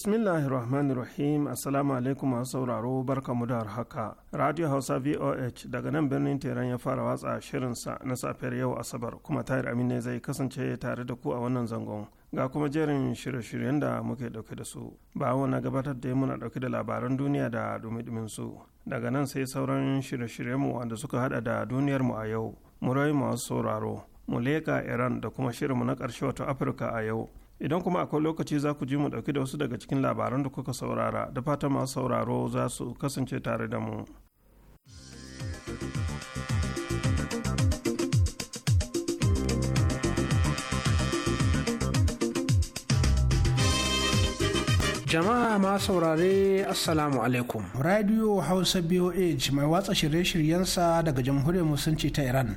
Bismillahirrahmanirrahim Assalamu alaikum masu sauraro mu da haka. Radio Hausa VOH daga nan birnin Teran ya fara watsa shirinsa na safiyar yau Asabar kuma Tahir ne zai kasance tare da ku a wannan zangon. Ga kuma jerin shirye-shiryen da muke dauke da su. Ba na gabatar da muna dauke da labaran duniya da dumi su. Daga nan sai sauran shirye-shiryenmu wanda suka hada da duniyar mu a yau. Murai masu sauraro. mu leka Iran da kuma shirinmu na karshe wato Afirka a yau. idan kuma akwai lokaci za ku ji mu ɗauki da wasu daga cikin labaran da kuka saurara da fata masu sauraro za su kasance tare da mu. Jama'a ma saurare Assalamu alaikum. Radio Hausa BOH mai watsa shirye-shiryensa daga Jamhuriyar Musulunci ta Iran.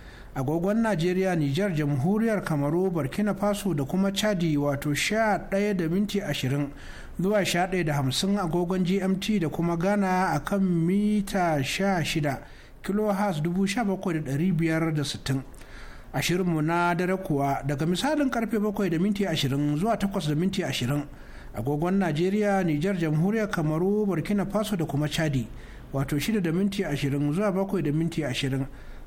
agogon najeriya niger jamhuriyar kamaru burkina faso da kuma chadi wato ɗaya da minti ashirin zuwa ɗaya da hamsin agogon gmt da kuma ghana a kan mita da kilohas 17,560 ashirinmu na dare kuwa daga misalin karfe bakwai da minti ashirin zuwa takwas da minti ashirin agogon najeriya niger jamhuriyar kamaru burkina faso da kuma chadi wato shida da minti ashirin zuwa bakwai da minti ashirin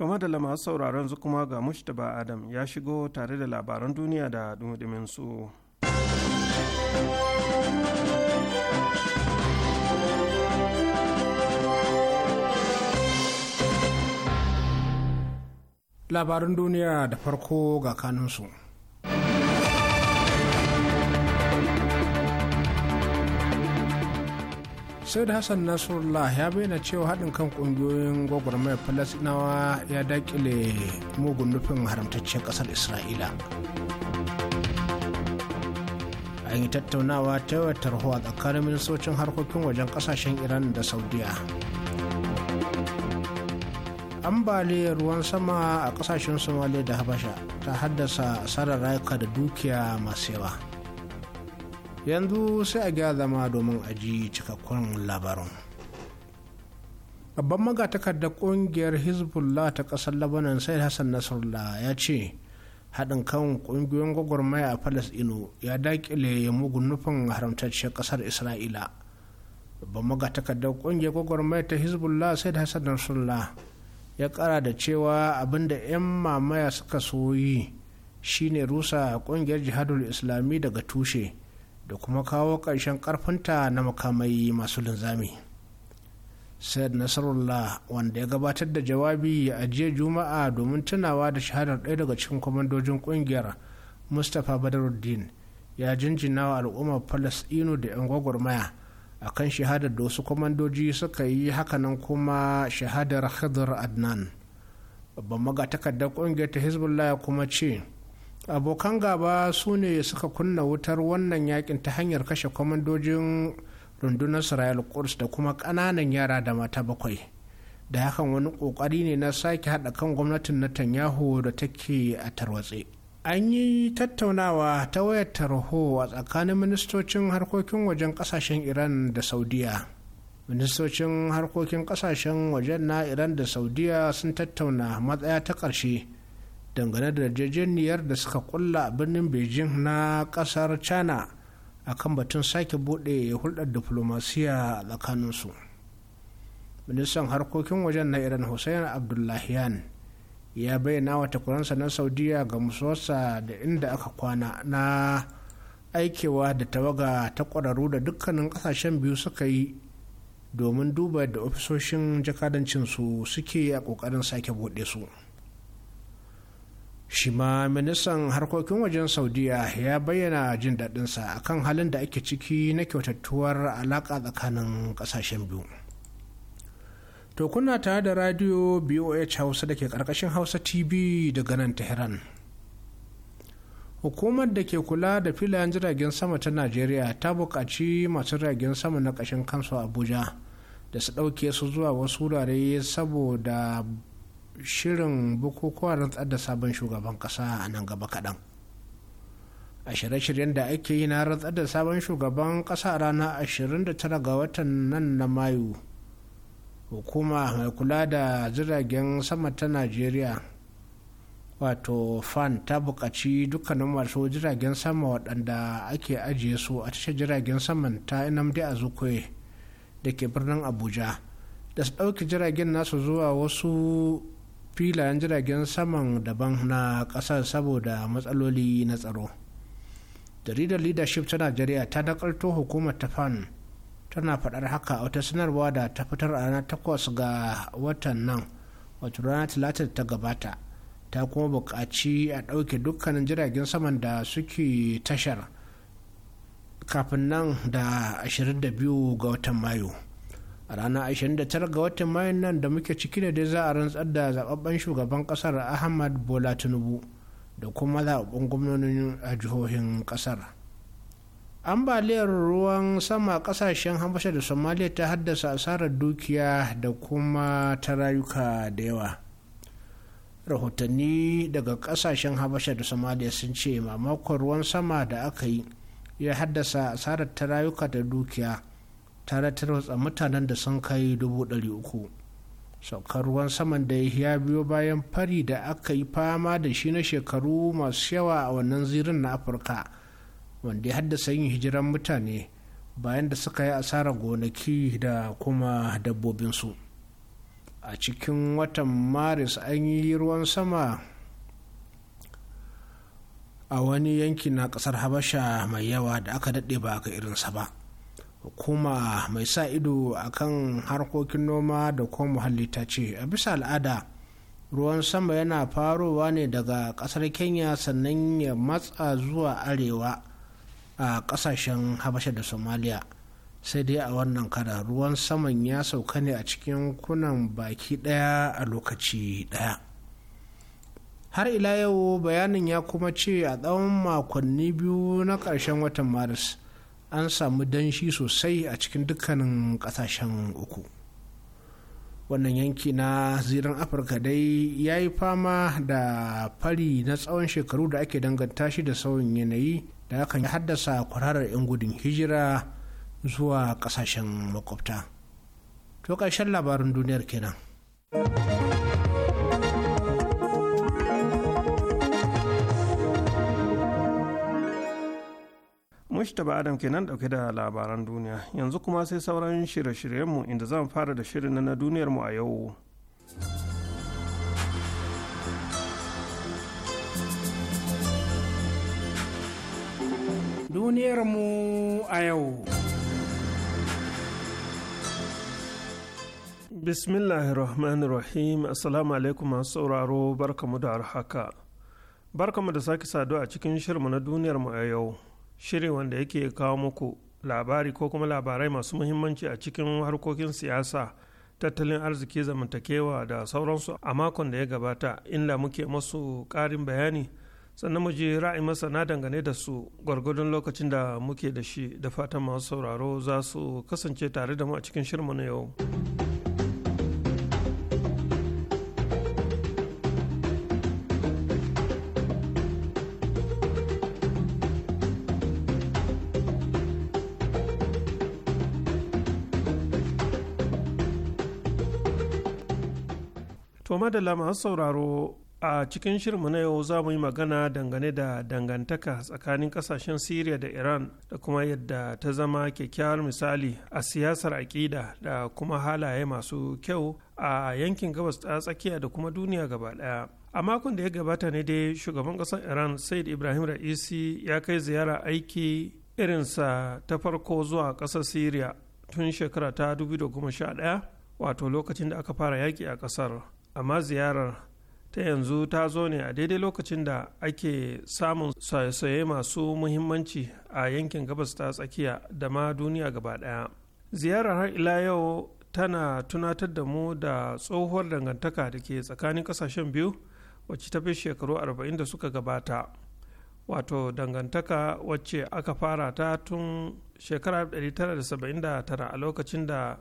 To madalla masu sauraron zu kuma ga Mushtaba Adam ya shigo tare da labaran duniya da dumudumin su. Labaran duniya da farko ga kanunsu. sai da hassan nasrullah ya bayyana cewa haɗin kan ƙungiyoyin gwagwarmaya falasinawa ya daƙile mugun nufin haramtaccen ƙasar isra'ila a yi tattaunawa ta yawar tarho a tsakanin ministocin harkokin wajen ƙasashen iran da saudiya ambaliyar ruwan sama a ƙasashen somalia da habasha ta haddasa asarar rayuka da dukiya masu yawa yanzu sai a gya zama domin a ji cikakkun labarin babban magatakardar kungiyar hezbollah ta kasar labanan sai hassan nasrallah ya ce haɗin kan ƙungiyoyin gwagwarmaya a falasɗinu ya daƙile mugun nufin haramtacciyar ƙasar isra'ila babban magatakardar ƙungiyar gwagwarmaya ta hezbollah sai hassan nasrallah ya ƙara da cewa abinda 'yan mamaya suka soyi shine rusa ƙungiyar jihadul islami daga tushe da kuma kawo ƙarshen ƙarfinta na makamai masu linzami said nasarullah wanda ya gabatar da jawabi a jiya juma'a domin tunawa da shahadar ɗaya daga cikin kwamandojin ƙungiyar mustapha badaruddin ya jinjina wa al'ummar falasɗinu da 'yan gwagwarmaya a kan shahadar da wasu kwamandoji suka yi hakanan kuma shahadar hadar adnan babban magatakardar ƙungiyar ta hezbollah kuma ce abokan gaba su ne suka kunna wutar wannan yakin ta hanyar kashe kwamandojin rundunar israel kurs da kuma ƙananan yara da mata bakwai da hakan wani ƙoƙari ne na sake haɗa kan gwamnatin netanyahu da take a tarwatse an yi tattaunawa ta wayar tarho a tsakanin ministocin harkokin wajen ƙasashen iran da saudiya ministocin harkokin ƙasashen wajen na iran da saudiya sun tattauna matsaya ta ƙarshe dangane da yarjejeniyar da suka kulla a birnin beijing na kasar china a kan batun sake bude hulɗar diflomasiya a tsakaninsu ministan harkokin wajen na iran hussein abdullahian ya bayyana wa takwaransa na saudiya ga musuwarsa da inda aka kwana na aikewa da tawaga ta kwararru da dukkanin kasashen biyu suka yi domin duba da ofisoshin jakadancinsu suke a kokarin sake bude su. shi ma ministan harkokin wajen saudiya ya bayyana jin daɗinsa akan halin da ake ciki na kyautattuwar alaƙa tsakanin ƙasashen biyu to kuna tare da radio boh hausa da ke ƙarƙashin hausa tv daga nan tehran hukumar da ke kula da filayen jiragen sama ta najeriya ta buƙaci masu jiragen sama na ƙashin kansu abuja da su ɗauke su zuwa wasu wurare saboda shirin bukukuwa rantsar da sabon shugaban ƙasa a nan gaba kaɗan a shirye-shiryen da ake yi na rantsar da sabon shugaban ƙasa a ranar 29 ga watan nan na mayu hukuma mai kula da jiragen sama ta najeriya wato fan ta bukaci dukkanin masu jiragen sama waɗanda ake ajiye su a tashar jiragen saman ta inamdi a zukoye da ke birnin abuja da su ɗauki jiragen nasu zuwa wasu filayen jiragen saman daban na ƙasar saboda matsaloli na tsaro jaridar leadership ta najeriya ta nakalto hukumar ta fan tana faɗar haka a wata sanarwa da ta fitar a ranar takwas ga watan nan wato ranar talatin ta gabata ta kuma bukaci a ɗauke dukkanin jiragen saman da suke tashar kafin nan da 22 ga watan mayu a ranar 29 ga watan mayun nan da muke ciki ne dai za a rantsar da zababben shugaban kasar ahmad bola tinubu da kuma zababben gwamnonin a jihohin kasar ambaliyar ruwan sama kasashen habasha da somalia ta haddasa asarar dukiya da kuma ta rayuka da yawa rahotanni daga kasashen habasha da somalia sun ce mamakon ruwan sama da aka yi ya haddasa asarar ta rayuka da dukiya tare tarwatsa mutanen da sun kai dubu ɗari uku saukar ruwan saman da ya biyo bayan fari da aka yi fama da shi na shekaru masu yawa a wannan zirin na afirka wanda ya haddasa yin hijiran mutane bayan da suka yi asarar gonaki da kuma dabbobinsu a cikin watan maris an yi ruwan sama a wani yanki na kasar habasha mai yawa da aka daɗe ba ga irinsa ba hukuma mai sa ido a kan harkokin noma da kuma muhalli ta ce a bisa al'ada ruwan sama yana farowa ne daga kasar kenya sannan ya matsa zuwa arewa a kasashen habasha da somalia sai dai a wannan kara ruwan saman ya sauka ne a cikin kunan baki daya a lokaci daya har ila yau bayanin ya kuma ce a tsawon makonni biyu na karshen watan maris an samu danshi sosai a cikin dukkanin kasashen uku wannan yanki na zirin afirka dai ya yi fama da fari na tsawon shekaru da ake danganta shi da sauyin yanayi da hakan ya haddasa kwararar 'yan gudun hijira zuwa kasashen makwabta to ƙarshen labarin duniyar kenan. Mushtaba Adam nan dauke da labaran duniya yanzu kuma sai sauran shirye-shiryenmu inda zan fara da shirin na duniyarmu a yau. Duniyarmu a yau. Bismillahirrahmanirrahim Assalamu alaikum masu sauraro barkamu da haka. Barkamu da sake saduwa a cikin shirmu na duniyarmu a yau. shirin wanda yake kawo muku labari ko kuma labarai masu muhimmanci a cikin harkokin siyasa tattalin arziki zamantakewa da sauransu a makon da ya gabata inda muke masu karin bayani sannan mu ji ra'ayi masana dangane da su gwargwadon lokacin da muke da shi da fatan masu sauraro za su kasance tare da mu a cikin mu na yau. madalla masu sauraro a cikin shirinmu na yau za mu yi magana dangane da dangantaka tsakanin kasashen Siriya da Iran da kuma yadda ta zama kyakkyawar misali a siyasar aƙida da kuma halaye masu kyau a yankin gabas ta tsakiya da kuma duniya gaba ɗaya. a makon da ya gabata ne dai shugaban ƙasar iran said ibrahim ra'isi ya kai ziyara aiki irinsa ta farko zuwa ƙasar syria tun shekara ta 2011 wato lokacin da aka fara yaƙi a ƙasar amma ziyarar ta yanzu ta zo ne a daidai lokacin da ake samun saye-saye masu muhimmanci a yankin gabas ta tsakiya da ma duniya gaba ɗaya ziyarar har ila yau tana tunatar da mu da tsohuwar dangantaka da ke tsakanin ƙasashen biyu wacce ta fi shekaru 40 da suka gabata wato dangantaka wacce aka fara ta tun shekara 1979 a lokacin da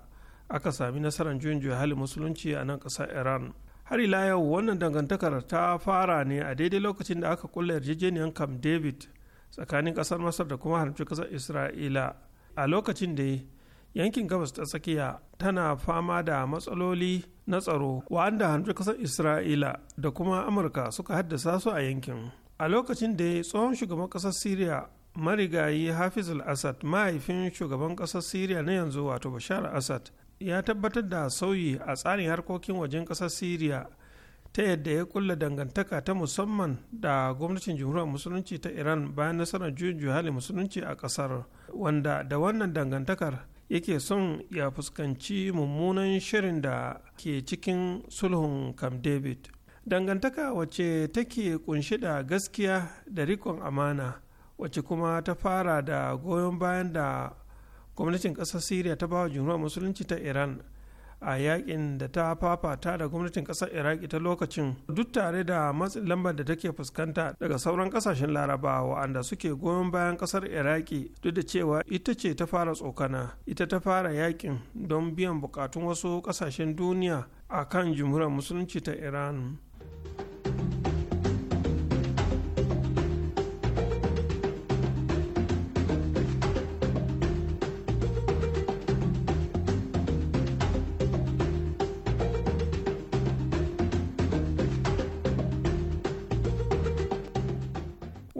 aka sami nasarar juyin hali musulunci a nan ƙasar iran har ila yau wannan dangantakar ta fara ne a daidai lokacin da aka kulla yarjejeniyar camp david tsakanin ƙasar masar da kuma harfi ƙasar isra'ila a lokacin da yankin gabas ta tsakiya tana fama da matsaloli na tsaro wanda hamshe kasar isra'ila da kuma amurka suka haddasa su a yankin a lokacin da tsohon shugaban ƙasar syria marigayi hafiz al-assad mahaifin shugaban ƙasar syria na yanzu wato bashar asad. ya tabbatar da sauyi a tsarin harkokin wajen ƙasar syria ta yadda ya kulla dangantaka ta musamman da gwamnatin jamhuriyar musulunci ta iran bayan nasarar juyin juhali musulunci a ƙasar wanda da wannan dangantakar yake son ya fuskanci mummunan shirin da ke cikin sulhun camp david dangantaka wacce take kunshi da gaskiya da rikon amana wacce kuma ta fara da goyon bayan da gwamnatin kasar syria ta bawa jumhuriyar musulunci ta iran a yakin da ta fafata da gwamnatin kasar iraki ta lokacin duk tare da matsin lambar da take fuskanta daga sauran ƙasashen laraba wa'anda suke goyon bayan kasar iraki duk da cewa ita ce ta fara tsokana ita ta fara yakin don biyan bukatun wasu kasashen duniya a kan jumhuriyar musulunci ta iran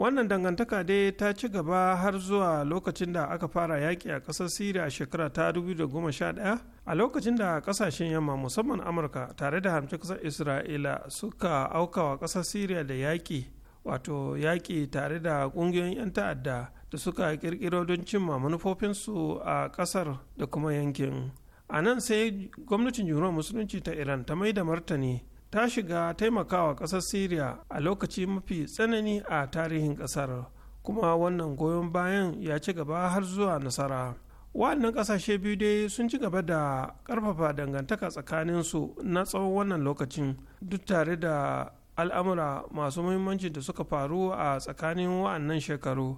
wannan dangantaka dai ta ci gaba har zuwa lokacin da aka fara yaƙi a ƙasar syria a shekara ta 2011 a lokacin da ƙasashen yamma musamman amurka tare da hamci ƙasar isra'ila suka aukawa ƙasar syria da yaƙi wato yaƙi tare da ƙungiyoyin 'yan ta'adda da suka ƙirƙiro don cimma manufofinsu a ƙasar da kuma yankin a nan sai gwamnatin jimuwar musulunci ta iran ta mai da martani ta shiga taimakawa ƙasar syria a lokaci mafi tsanani a tarihin ƙasar kuma wannan goyon bayan ya ci gaba har zuwa nasara wa'annan ƙasashe biyu dai sun ci gaba da ƙarfafa dangantaka tsakaninsu na tsawon wannan lokacin duk tare da al'amura masu muhimmanci da suka faru a tsakanin wa'annan shekaru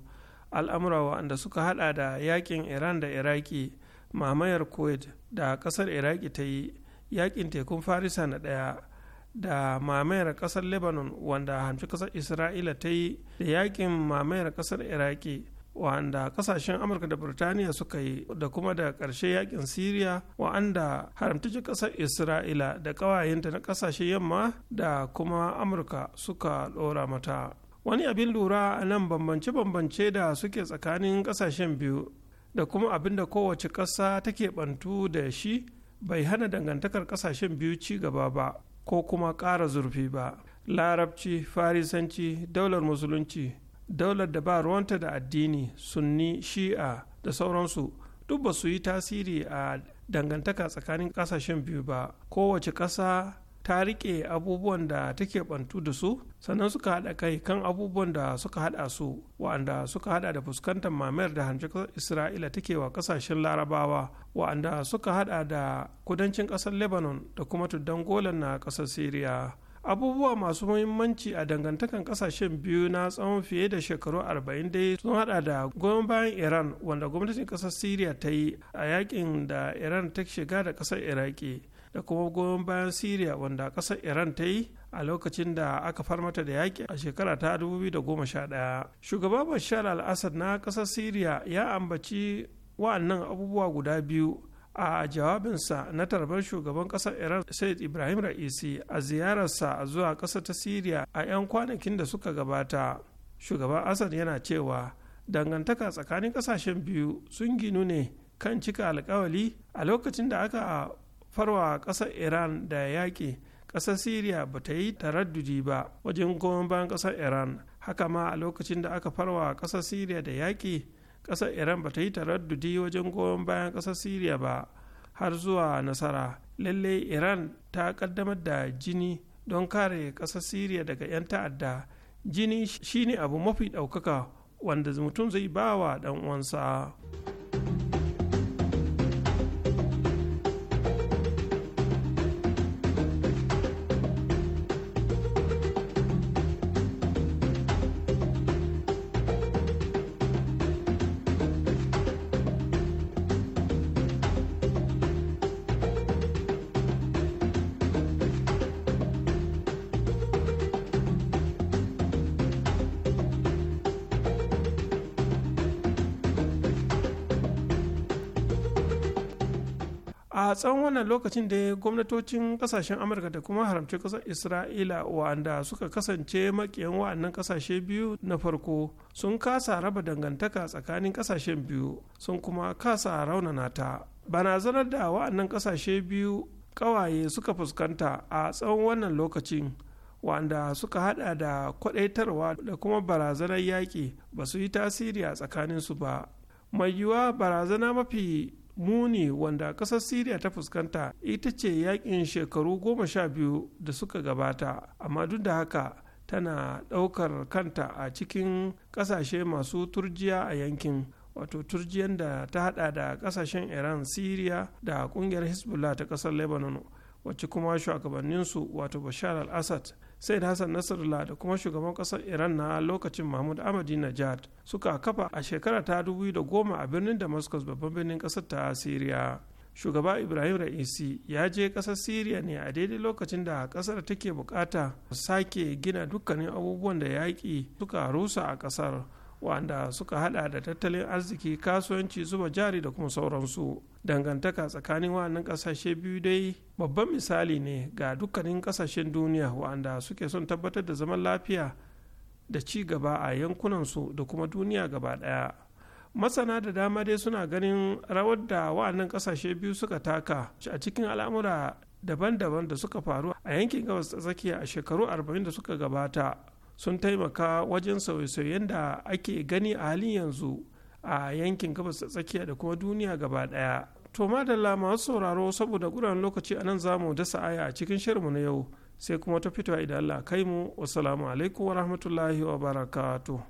al'amura wa'anda suka hada da yakin iran da iraki mamayar kuwait da ƙasar iraki ta yi yakin tekun farisa na ɗaya da mamayar kasar lebanon wanda hamshi kasar isra'ila ta yi da yakin mamayar kasar iraki wanda kasashen amurka da birtaniya suka yi da kuma da ƙarshe yakin syria wa'anda haramtaci kasar isra'ila da ƙawayenta na ƙasashen yamma da kuma amurka suka ɗora mata wani abin lura a nan bambance-bambance da suke tsakanin ƙasashen biyu da kuma abin da kowace ƙasa take bantu da shi bai hana dangantakar ƙasashen biyu ci gaba ba ko kuma ƙara zurfi ba larabci farisanci daular musulunci daular da ba ruwanta da addini sunni shi'a da sauransu duk ba su yi tasiri a dangantaka tsakanin ƙasashen biyu ba kowace ƙasa ta riƙe abubuwan da take bantu da su sannan suka haɗa kai kan abubuwan da suka haɗa su wa'anda suka haɗa da fuskantar mamayar da hamshe isra'ila take wa ƙasashen larabawa wa'anda suka hada da kudancin ƙasar lebanon da kuma tuddan golan na ƙasar syria abubuwa masu muhimmanci a dangantakan kasashen biyu na tsawon fiye da shekaru 40 dai sun hada da goyon bayan iran wanda gwamnatin kasar syria ta yi a yakin da iran ta shiga da kasar iraki da kuma goyon bayan syria wanda kasar iran ta yi a lokacin da aka far mata da yaƙi a shekara ta 2011 shugaba bashar al-assad na kasar syria ya ambaci wa'annan abubuwa guda biyu a jawabinsa na tarbar shugaban kasar iran said ibrahim ra'isi a ziyararsa zuwa ƙasa ta siriya a 'yan kwanakin da suka gabata shugaban asad yana cewa dangantaka tsakanin ƙasashen biyu sun ginu ne kan cika alkawali a lokacin da aka farwa ƙasar iran da yaƙi ƙasar siriya ba ta yi taraddudi ba wajen goma bayan ƙasar iran haka ma a lokacin da aka farwa ƙasar siriya da yaƙi ƙasar iran ba ta yi taraddudi wajen goyon bayan ƙasar syria ba har zuwa nasara lalle iran ta ƙaddamar da jini don kare ƙasar syria daga 'yan ta'adda jini shine abu mafi ɗaukaka wanda mutum zai bawa ɗan uwansa. tsawon wannan lokacin da gwamnatocin kasashen amurka da kuma haramce kasar isra'ila wanda suka kasance makiyan wa'annan kasashe biyu na farko sun kasa raba dangantaka tsakanin kasashen biyu sun kuma kasa raunana ta barazanar da wa'annan kasashe biyu kawaye suka fuskanta a tsawon wannan lokacin wanda suka hada da kwadaitarwa da kuma barazanar yaƙi ba su yi tasiri a tsakaninsu ba mai yiwuwa barazana mafi muni wanda ƙasar siriya ta fuskanta ita ce yakin shekaru goma sha biyu da suka gabata amma duk da haka tana ɗaukar kanta a cikin ƙasashe masu turjiya a yankin wato turjiyan da ta hada da ƙasashen iran siriya da ƙungiyar hezbollah ta ƙasar lebanon wacce kuma shugabanninsu wato bashar al-assad said hassan nasarullah da kuma shugaban kasar iran na lokacin mahmud ahmadi najad suka kafa a shekara ta goma a birnin damascus babban birnin kasar ta syria shugaba ibrahim ra'isi ya je kasar syria ne a daidai lokacin da kasar take bukata sake gina dukkanin abubuwan da yaƙi suka rusa a kasar wanda suka hada da tattalin arziki kasuwanci zuba jari da kuma sauransu dangantaka tsakanin wannan kasashe biyu dai babban misali ne ga dukkanin kasashen duniya wanda suke son tabbatar da zaman lafiya da ci gaba a yankunansu da kuma duniya gaba daya masana da dama dai suna ganin rawar da wa'annan kasashe biyu suka taka a cikin al'amura daban-daban da suka faru a yankin gabas tsakiya a shekaru 40 da suka gabata sun taimaka wajen sauye-sauyen da ake gani a halin yanzu a yankin gabas ta tsakiya da kuma duniya gaba daya To madalla masu sauraro saboda guran lokaci anan nan za mu dasa aya a cikin shirinmu na yau sai kuma ta fitowa idan Allah kai mu. Wassalamu alaikum wa rahmatullahi wa barakatuh.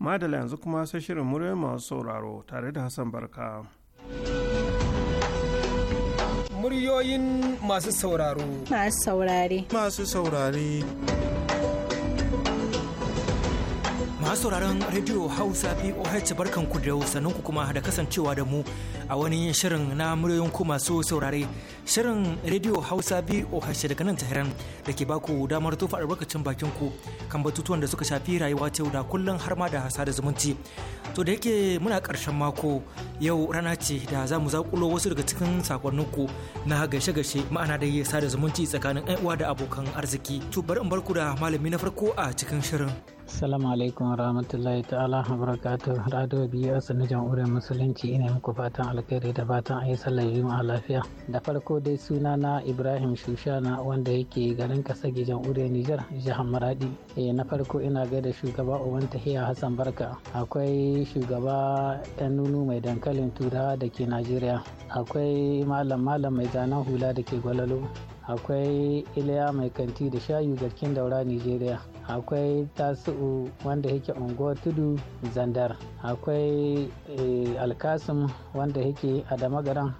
madala yanzu kuma sai shirin murya masu sauraro tare da hassan barka muryoyin masu sauraro masu saurare masu saurare masu sauraron Radio Hausa POH ku da sannan ku kuma da kasancewa da mu a wani shirin na muryoyin ku masu saurare. Shirin Radio Hausa POH daga nan Tahiran da ke baku damar tofa albarkacin bakin ku kan batutuwan da suka shafi rayuwa ta yau da kullum har ma da hasa da zumunci. To da yake muna karshen mako yau rana ce da za mu zakulo wasu daga cikin sakonnin ku na gashe-gashe ma'ana da yi sada zumunci tsakanin uwa da abokan arziki. To bari in barku da malami na farko a cikin shirin. Assalamu alaikum warahmatullahi ta'ala barakatu radio biyu a sanar jam'uriyar musulunci ina muku fatan alkhairi da fatan ayi sallar juma'a lafiya da farko dai suna na ibrahim shushana wanda yake garin kasage jam'uriyar nijar jihar maradi Eh na farko ina gaida shugaba uban tahiya hassan barka akwai shugaba yan nunu mai dankalin turawa da ke najeriya akwai malam malam mai zanen hula da ke gwalalo akwai iliya mai kanti da shayu garkin daura nigeria akwai tasu'u wanda yake unguwar tudu zandar akwai eh, alkasim wanda yake a garan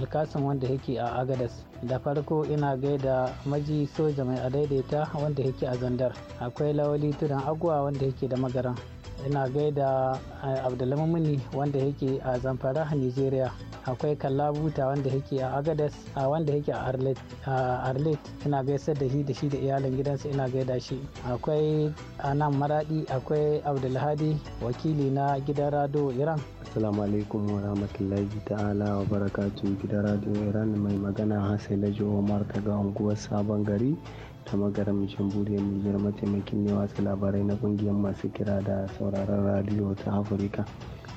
alkasim wanda yake a agadas da farko ina gaida maji soja mai adaidaita wanda yake a zandar akwai lawali tudun agwa wanda yake da magaran ina gaida eh, abdullamini wanda yake a zamfara nigeria akwai kalabuta wanda yake a agadas a wanda yake a arlet ina gaisa da shi da shi da iyalin gidansa ina gaida shi akwai anan maradi akwai abdulhadi wakili na gidan rado iran assalamu alaikum wa rahmatullahi ta'ala wa barakatu gidan rado iran mai magana hasila omar ga unguwar sabon gari ta magaram mai Nijar mataimakin ne wasu labarai na kungiyar masu kira da sauraron radiyo ta Afirka.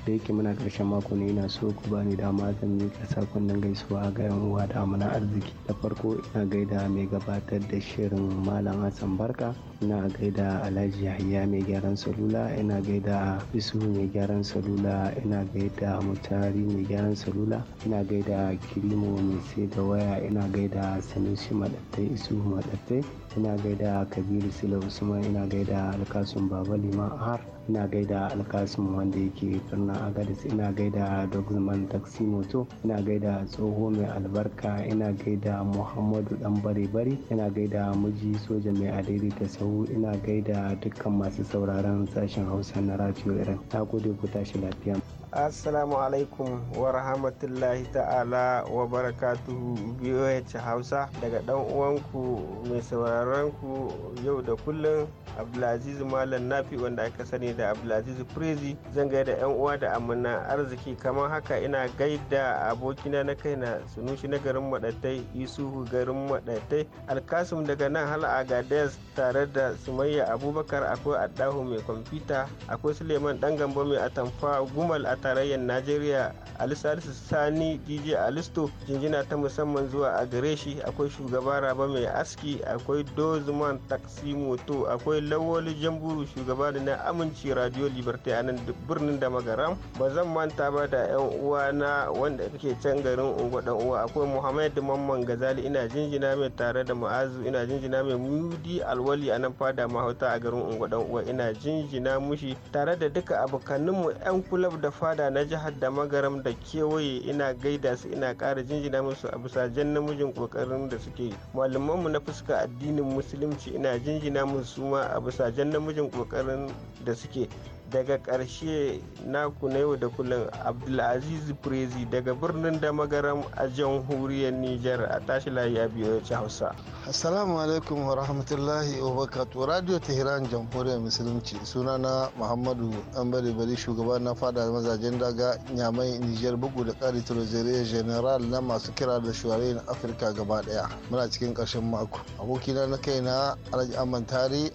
Da yake muna karshen mako ne ina so ku bani dama zan miƙa kundin gaisuwa ga yan uwa da amana arziki. Da farko ina gaida mai gabatar da shirin Malam Hassan Barka, ina gaida Alhaji Yahya mai gyaran salula, ina gaida Isu mai gyaran salula, ina gaida Mutari mai gyaran salula, ina gaida Kirimo mai sai da waya, ina gaida Sanusi madattai Isu madattai ina gaida kabiru sila usman ina gaida alkasun baba liman har ina gaida alkasun wanda yake birnin agadis ina gaida dogman taxi moto ina gaida tsoho mai albarka ina gaida muhammadu dan bare bare ina gaida miji soja mai adiri ta sahu ina gaida dukkan masu sauraron sashen hausa na radio irin. ta gode ku tashi lafiya assalamu alaikum wa rahmatullahi ta'ala wa barakatuhu BOH Hausa daga dan uwanku mai sauraron ku yau da kullum Abdulaziz Malam Nafi wanda aka sani da Abdulaziz Prezi zan gaida yan uwa da amina arziki kamar haka ina gaida abokina na kaina Sunushi na garin Madatai Yusufu garin Madatai Alkasim daga nan hal Agadez tare da Sumayya Abubakar akwai Adahu mai kwamfuta akwai Suleiman dan gambo mai atamfa Gumal tarayyar najeriya alisalis sani dj alisto jinjina ta musamman zuwa a gare shi akwai shugaba raba mai aski akwai dozman taksi moto akwai lawoli jamburu shugaba da na aminci radio liberty a nan birnin da magaram ba zan manta ba da yan uwa na wanda kake can garin unguwa uwa akwai muhammad mamman gazali ina jinjina mai tare da ma'azu ina jinjina mai mudi alwali a nan fada mahauta a garin unguwa uwa ina jinjina mushi tare da duka abokaninmu yan kulab da fa fada na jihar da magaram da kewaye ina gaida su ina kara jinjina musu a bisa jan namijin ƙoƙarin da suke malamanmu na fuska addinin musulunci ina jinjina musu ma a bisa jan namijin ƙoƙarin da suke daga ƙarshe naku na yau da kullum abdulaziz prezi daga birnin magaram a jamhuriyar niger a tashi ya biyu hausa assalamu alaikum wa rahmatullahi wa barakatuh radio tehran jamhuriyar musulunci sunana muhammadu ambari bari shugaba na fada mazajen daga nyamai niger bugu da ƙari trezoriya general na masu kira da shuwarayin afirka gaba daya muna cikin ƙarshen mako abokina na kaina alhaji amman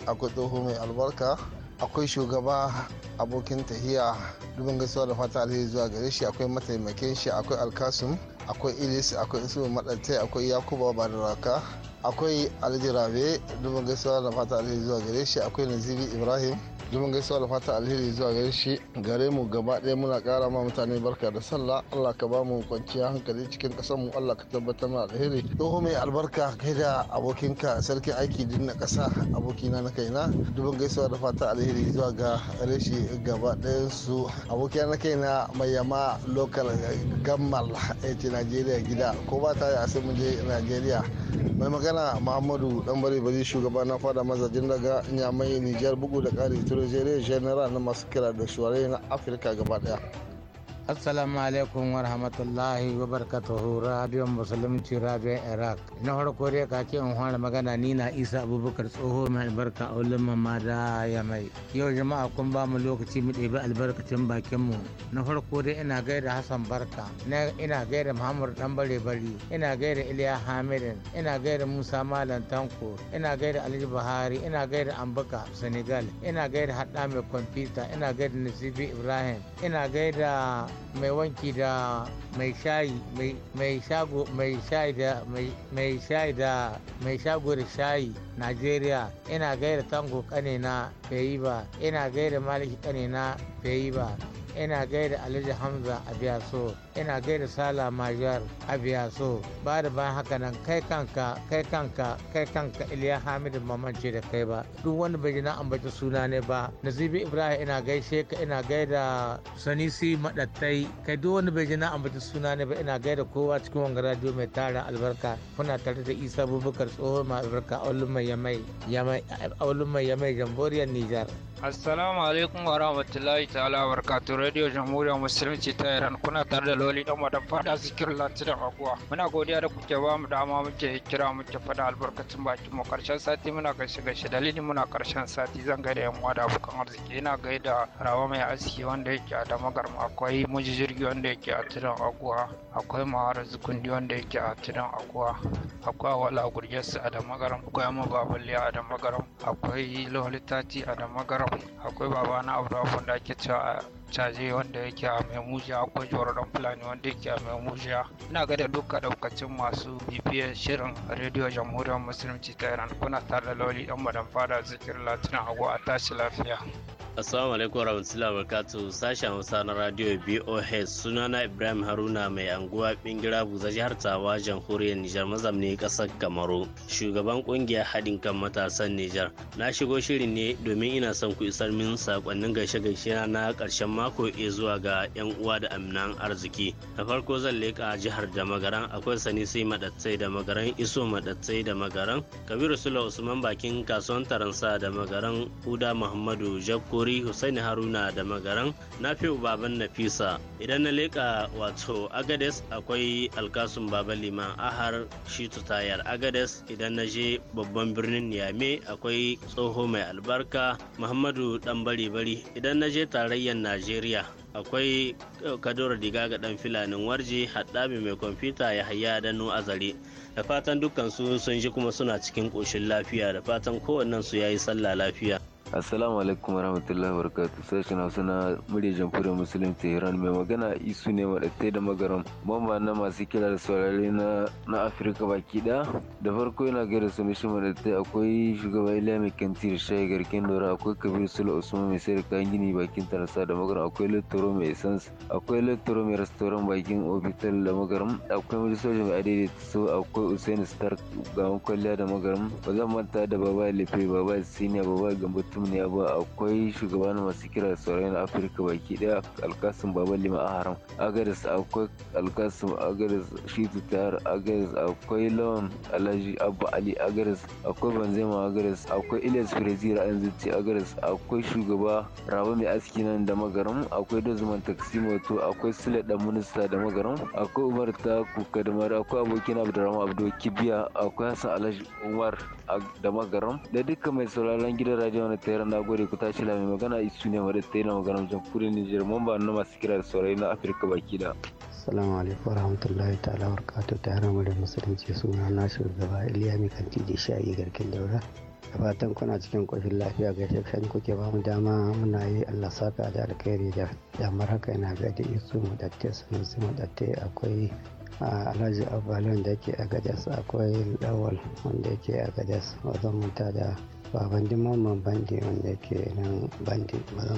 akwai tsoho mai albarka akwai shugaba abokin tahiya dubin gaisuwa da fata alheri zuwa gare shi akwai mataimakin shi akwai alkasum akwai ilis akwai isu maɗatai akwai yakuba raka akwai alhaji rabe dubin gaisuwa da fata alheri zuwa gare shi akwai naziri ibrahim dubin gaisuwa da fata alheri zuwa gare shi gare mu gaba ɗaya muna ƙara ma mutane barka da sallah allah ka ba mu kwanciya hankali cikin ƙasar mu allah ka tabbatar mana alheri tsoho mai albarka kai da abokinka sarki aiki din na ƙasa abokina na kaina dubin gaisuwa da fata alheri zuwa ga shi gaba ɗayan su abokina na kaina mai yama local gammal a eh, ce najeriya gida ko ba ta yi a sai mu je najeriya mai magana magana Muhammadu Dan Bare Bari shugaba na fada mazajin daga Nyamai Nijar bugu da kari jere General na masu kira da shuwarai na Afirka gaba daya. assalamu alaikum wa rahmatullahi wa barakatuhu musulunci radiyon iraq na farko dai ka in fara magana ni na isa abubakar tsoho mai albarka a wulin mama da ya mai yau jama'a kun ba mu lokaci mu ɗebi albarkacin bakin mu na farko dai ina gaida hassan barka ina gaida muhammad dan bare bari ina gaida iliya hamidin ina gaida musa malam tanko ina gaida Aliyu buhari ina gaida ambaka senegal ina gaida hada mai kwamfuta ina gaida nasibi ibrahim ina gaida mai wanki da mai shayi mai shago mai shayi da mai shayi da mai shago da shayi Najeriya ina gaida tango kane na bai ba ina gaida maliki kane na bai ba ina gaida Alhaji Hamza a biya ina gaida sala majiyar abiya so ba da ban haka nan kai kanka kai kanka kai kanka iliya hamidu mamance da kai ba duk wani bai na ambaci suna ne ba nazibi ibrahim ina gaishe ka ina gaida sanisi madattai kai duk wani bai na ambaci suna ne ba ina gaida kowa cikin wanga radio mai tara albarka kuna tare da isa abubakar tsohon ma albarka aulun mai yamai yamai aulun yamai jamboriyar nijar assalamu alaikum wa rahmatullahi ta'ala wa barakatuh radio jamhuriyar musulunci ta iran kuna tare da alloli dan mu da fada zikirin da aguwa muna godiya da kuke ba mu dama muke kira muke fada albarkacin bakin mu karshen sati muna gaishe gaishe dalilin muna karshen sati zan gaida yan uwa da abokan arziki ina gaida rawa mai aski wanda yake a damagar akwai miji jirgi wanda yake a tiran aguwa akwai mahara zukundi wanda yake a cidan akuwa akwai wala gurgesu a damagaram akwai amma babaliya a damagaram akwai lolitati a damagaram akwai baba na abu da ake cewa caje wanda yake a memujiya akwai jordan fulani wanda yake a memujiya ina ga da duka daukacin masu bibiyar shirin rediyo jamhuriyar musulunci ta iran kuna tare da lauli dan madan fada zikirin latina a tashi lafiya Assalamu alaikum warahmatullahi wabarakatuh sashen Hausa na radio BOH sunana Ibrahim Haruna mai anguwa bingira buza jihar Tawa jamhuriyar Nijar mazamni kasar Kamaru shugaban kungiyar haɗin kan matasan Nijar na shigo shirin ne domin ina son ku isar min sakonnin gaishe gaishe na ƙarshen mako e zuwa ga yan uwa da aminan arziki na farko zan leƙa jihar da magaran akwai sani sai madatsai da magaran iso madatsai da magaran Kabiru Sula Usman bakin kasuwan Taransa da magaran Huda Muhammadu Jakko Ilori Hussaini Haruna da Magaran na fi baban Nafisa. Idan na leƙa wato Agades akwai alkasun Baba Liman Ahar Shitu Tayar Agades idan na je babban birnin Niame akwai tsoho mai albarka Muhammadu Dan Bari Bari idan na je tarayyar Najeriya akwai eh, kadoro diga ga dan filanin warje haddabi mai kwamfuta ya haya nu azare da fatan dukkan su sun ji kuma suna cikin ƙoshin lafiya da fatan kowannen su yayi sallah lafiya Assalamu alaikum warahmatullahi wabarakatuh sashen Hausa na murya jamhuriyar Musulun Tehran mai magana isu ne madattai da magaram mamba na masu kira da saurare na na Afirka baki ɗaya. da farko yana gaida su mishi madattai akwai shugaba Iliya mai kanti da shayi garken dora akwai Kabir Sula Usman mai sayar kayan gini bakin tarasa da magaram akwai Lettoro mai essence akwai Lettoro mai restoran bakin ofital da magaram akwai Majalisar Jami'a Daidaita su akwai Usaini Stark ga kwalliya da magaram ba zan manta da Baba Lefe Baba Siniya Baba Gambo mutum ne ba akwai shugaban masu kira sauran afirka baki daya alkasim baba lima a haram agaris akwai alkasim agaris shi tutar agaris akwai lawan alhaji abba ali agaris akwai banzema agaris akwai ilyas firezi an zuci agaris akwai shugaba rabu mai aski nan da magaram akwai dozman taksimoto akwai sule dan minista da magaram akwai umar ta kuka da mara akwai abokin abdurrahman abdul kibiya akwai hasan alhaji umar da magaram da duka mai sauraron gidan radio na tseren da gore ku tashi mai magana isu ne wadda ta yi na maganar jamhuriyar Nijar mamba na masu kira da saurayi na Afirka baki da. Assalamu alaikum rahmatullahi ta'ala barkatu ta haramu musulunci suna na shugaba Iliya Mikanti da sha'i garkin daura. Da fatan kuna cikin kwafin lafiya ga shekani kuke ba mu dama muna yi Allah saka da alkhairi da damar haka yana ga da isu madatte su madatte akwai a alhaji abalon da yake a gadas akwai lawal wanda yake a gadas wajen da baban mamman bandi wanda yake nan bandi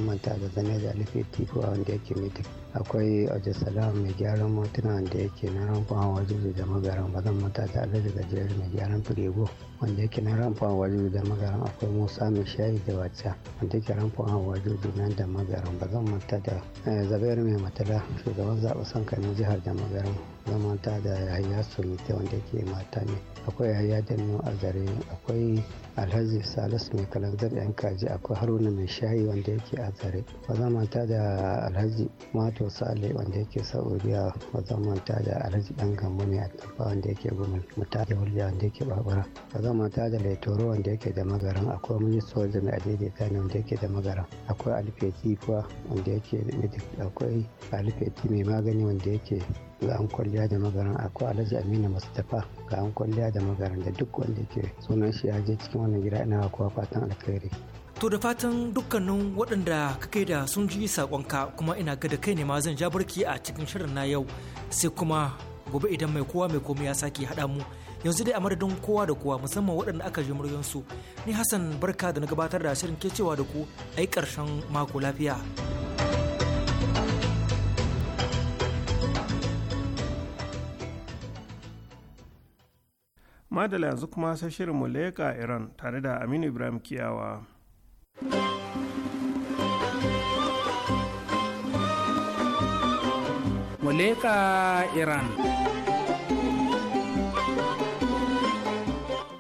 manta da zane da alifiti kuwa wanda yake mita akwai salam mai gyaran motuna wanda yake na ramfan wajen da magaran manta da alhaji gajiyar mai gyaran firego wanda yake na ramfan wajen da magaran akwai musa mai shayi da wacca wanda yake ramfan wajen nan da magaran manta da eh, zabairu mai matala shugaban zaɓe na jihar da magaran mata da yahaya ita wanda ke mata ne akwai yahaya nuna a zare akwai alhaji salisu mai kalanzar yan kaji akwai haruna mai shayi wanda yake a zare ba mata da alhaji mato sale wanda yake sa'uriya ba mata da alhaji dan gambo mai atamfa wanda yake gumi mata da hulya wanda yake babura ba mata da laitoro wanda yake da magaran akwai minista wanda mai adaidaita ne wanda yake da magaran akwai alfeti kuwa wanda yake akwai alfeti mai magani wanda yake ga an kwalliya da magaran akwai alhaji aminu mustapha ga an kwalliya da magaran da duk wanda ke sunan shi ya je cikin wannan gida ina kuwa fatan alkhairi To da fatan dukkanin waɗanda ka kai da sun ji saƙonka kuma ina ga da kai ne ma zan ja barki a cikin shirin na yau sai kuma gobe idan mai kowa mai komai ya sake haɗa mu yanzu dai a madadin kowa da kowa musamman waɗanda aka ji muryansu ni Hassan barka da na gabatar da shirin ke cewa da ku a yi ƙarshen mako lafiya. madala yanzu kuma sai shirin muleka iran tare da aminu ibrahim kiyawa muleka iran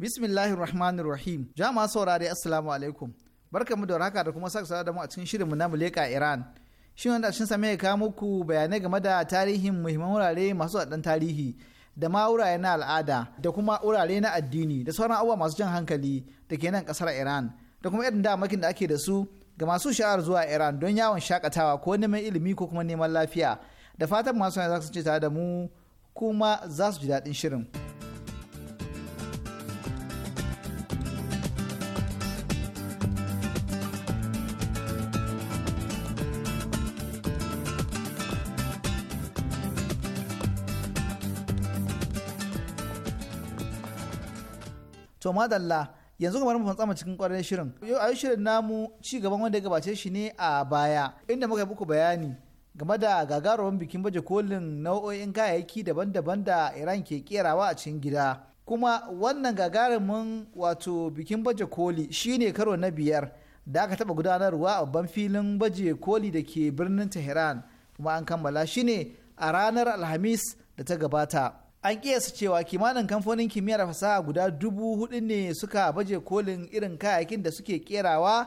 bismillahir rahmanir rahim jama'a saurare assalamu alaikum barkamu da haka da kuma sake da mu a cikin shirinmu na muleka iran shin wanda shin same ka muku bayanai game da tarihin muhimman wurare masu haɗin tarihi da ma wurare na al'ada da kuma wurare na addini da sauran abubuwa masu jan hankali da ke nan kasar iran da kuma irin damakin da ake da su ga masu sha'ar zuwa iran don yawon shakatawa ko neman ilimi ko kuma neman lafiya da fatan masu za su ce tare da mu kuma za su ji daɗin shirin. to madalla yanzu kamar mu tsama cikin kwarar shirin yau a shirin namu ci gaban wanda ya gabace shi ne a baya inda muka yi muku bayani game da gagarumin bikin baje kolin nau'o'in kayayyaki daban-daban da iran ke kerawa a cikin gida kuma wannan gagarumin wato bikin baje koli shine karo na biyar da aka taba gudanarwa a babban filin baje koli da ke birnin tehran kuma an kammala shine a ranar alhamis da ta gabata an kiyasta cewa kimanin kamfanin kimiyyar fasaha guda dubu hudu ne suka baje kolin irin kayayyakin da suke kerawa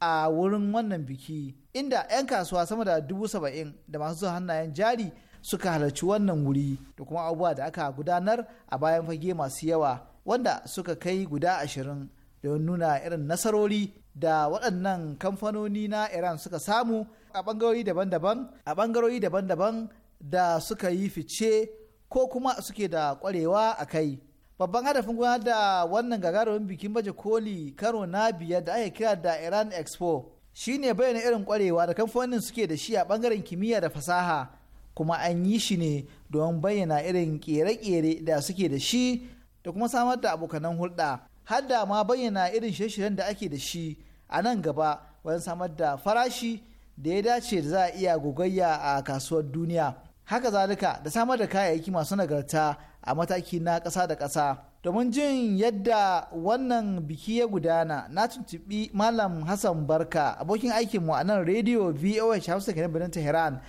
a wurin wannan biki inda 'yan kasuwa sama da dubu saba'in da masu zuwa hannayen jari suka halarci wannan wuri da kuma abubuwa da aka gudanar a bayan fage masu yawa wanda suka kai guda ashirin don nuna irin nasarori da waɗannan kamfanoni na iran suka samu a bangarori daban-daban a ɓangarori daban-daban da suka yi fice ko kuma suke da kwarewa a kai babban hadafin gudanar da wannan gagarumin bikin baje koli karo na biyar da ake kira da iran expo shine bayyana irin kwarewa da kamfanin suke da shi a bangaren kimiyya da fasaha kuma an yi shi ne don bayyana irin kere-kere da suke da shi da kuma samar da abokanan hulɗa har da ma bayyana irin shirye-shiryen da ake da shi a nan gaba wajen samar da farashi da ya dace da za a iya gogayya a kasuwar duniya haka zalika da samar da kayayyaki masu nagarta a mataki na ƙasa da ƙasa domin jin yadda wannan biki ya gudana na tuntubi malam hassan barka abokin aikinmu a nan rediyo voh hausa kenan birnin tehran